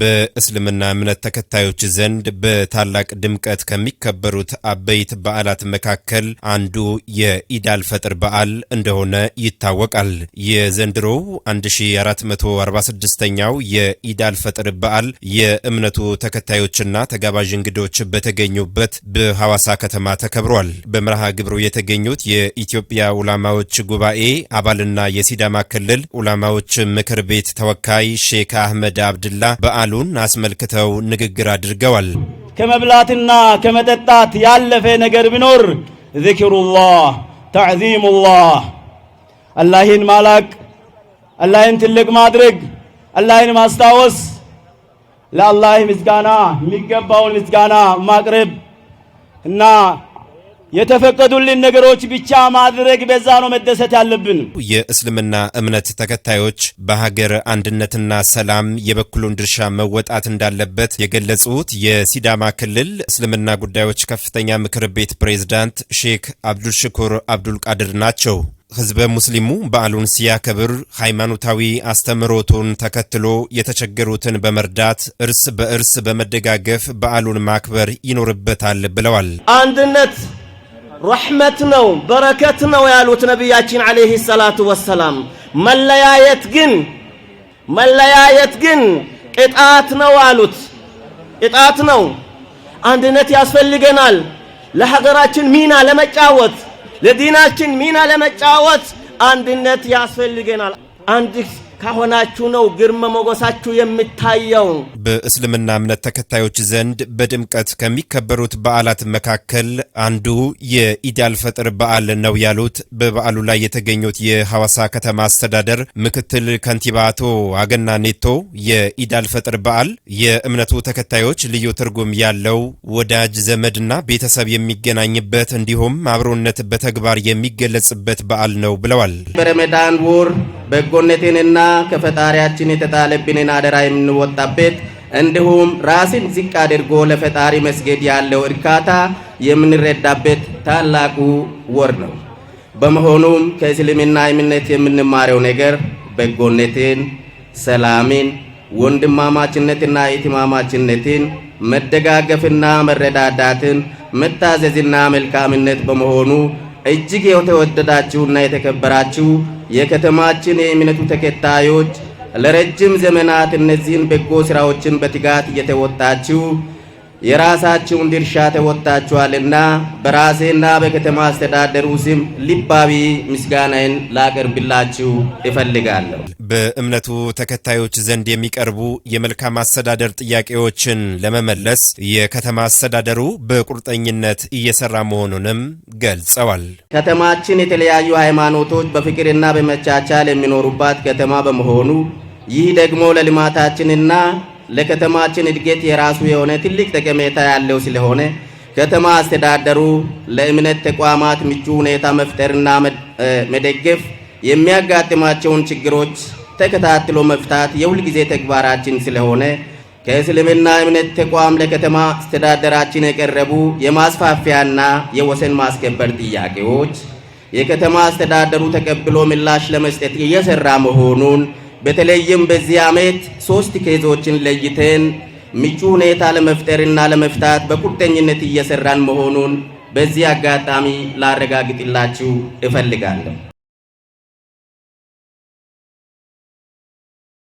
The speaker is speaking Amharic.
በእስልምና እምነት ተከታዮች ዘንድ በታላቅ ድምቀት ከሚከበሩት አበይት በዓላት መካከል አንዱ የኢዳል ፈጥር በዓል እንደሆነ ይታወቃል። የዘንድሮው 1446ኛው የኢዳል ፈጥር በዓል የእምነቱ ተከታዮችና ተጋባዥ እንግዶች በተገኙበት በሐዋሳ ከተማ ተከብሯል። በመርሃ ግብሩ የተገኙት የኢትዮጵያ ዑላማዎች ጉባኤ አባልና የሲዳማ ክልል ዑላማዎች ምክር ቤት ተወካይ ሼክ አህመድ አብድላ በዓሉን አስመልክተው ንግግር አድርገዋል። ከመብላትና ከመጠጣት ያለፈ ነገር ቢኖር ዚክሩላህ ተዕዚሙላህ፣ አላህን ማላቅ፣ አላህን ትልቅ ማድረግ፣ አላህን ማስታወስ፣ ለአላህ ምስጋና የሚገባውን ምስጋና ማቅረብ እና የተፈቀዱልን ነገሮች ብቻ ማድረግ በዛ ነው መደሰት ያለብን። የእስልምና እምነት ተከታዮች በሀገር አንድነትና ሰላም የበኩሉን ድርሻ መወጣት እንዳለበት የገለጹት የሲዳማ ክልል እስልምና ጉዳዮች ከፍተኛ ምክር ቤት ፕሬዝዳንት ሼክ አብዱልሽኩር አብዱልቃድር ናቸው። ህዝበ ሙስሊሙ በዓሉን ሲያከብር ሃይማኖታዊ አስተምህሮቱን ተከትሎ የተቸገሩትን በመርዳት እርስ በእርስ በመደጋገፍ በዓሉን ማክበር ይኖርበታል ብለዋል። አንድነት ረሕመት ነው በረከት ነው ያሉት ነቢያችን ዓለይሂ ሰላቱ ወሰላም። መለያየት ግን መለያየት ግን ቅጣት ነው አሉት። ቅጣት ነው። አንድነት ያስፈልገናል። ለሀገራችን ሚና ለመጫወት ለዲናችን ሚና ለመጫወት አንድነት ያስፈልገናል። አንድ ከሆናችሁ ነው ግርመ ሞገሳችሁ የሚታየው። በእስልምና እምነት ተከታዮች ዘንድ በድምቀት ከሚከበሩት በዓላት መካከል አንዱ የኢዳል ፈጥር በዓል ነው ያሉት በበዓሉ ላይ የተገኙት የሐዋሳ ከተማ አስተዳደር ምክትል ከንቲባ አቶ አገና ኔቶ የኢዳል ፈጥር በዓል የእምነቱ ተከታዮች ልዩ ትርጉም ያለው ወዳጅ ዘመድና ቤተሰብ የሚገናኝበት እንዲሁም አብሮነት በተግባር የሚገለጽበት በዓል ነው ብለዋል። በረመዳን ወር በጎነቴንና ከፈጣሪያችን የተጣለብንን አደራ የምንወጣበት እንዲሁም ራስን ዝቅ አድርጎ ለፈጣሪ መስገድ ያለው እርካታ የምንረዳበት ታላቁ ወር ነው። በመሆኑም ከእስልምና እምነት የምንማረው ነገር በጎነትን፣ ሰላምን፣ ወንድማማችነትና እህትማማችነትን፣ መደጋገፍና መረዳዳትን፣ መታዘዝና መልካምነት በመሆኑ እጅግ የተወደዳችሁና የተከበራችሁ የከተማችን የእምነቱ ተከታዮች ለረጅም ዘመናት እነዚህን በጎ ስራዎችን በትጋት እየተወጣችው የራሳችሁን ድርሻ ተወጥታችኋልና በራሴና በከተማ አስተዳደሩ ስም ልባዊ ምስጋናዬን ላቀርብላችሁ እፈልጋለሁ። በእምነቱ ተከታዮች ዘንድ የሚቀርቡ የመልካም አስተዳደር ጥያቄዎችን ለመመለስ የከተማ አስተዳደሩ በቁርጠኝነት እየሰራ መሆኑንም ገልጸዋል። ከተማችን የተለያዩ ሃይማኖቶች በፍቅርና በመቻቻል የሚኖሩባት ከተማ በመሆኑ ይህ ደግሞ ለልማታችንና ለከተማችን እድገት የራሱ የሆነ ትልቅ ጠቀሜታ ያለው ስለሆነ ከተማ አስተዳደሩ ለእምነት ተቋማት ምቹ ሁኔታ መፍጠርና መደገፍ፣ የሚያጋጥማቸውን ችግሮች ተከታትሎ መፍታት የሁልጊዜ ተግባራችን ስለሆነ ከእስልምና እምነት ተቋም ለከተማ አስተዳደራችን የቀረቡ የማስፋፊያና የወሰን ማስከበር ጥያቄዎች የከተማ አስተዳደሩ ተቀብሎ ምላሽ ለመስጠት እየሰራ መሆኑን በተለይም በዚህ ዓመት ሶስት ኬዞችን ለይተን ምቹ ሁኔታ ለመፍጠርና ለመፍታት በቁርጠኝነት እየሰራን መሆኑን በዚህ አጋጣሚ ላረጋግጥላችሁ እፈልጋለሁ።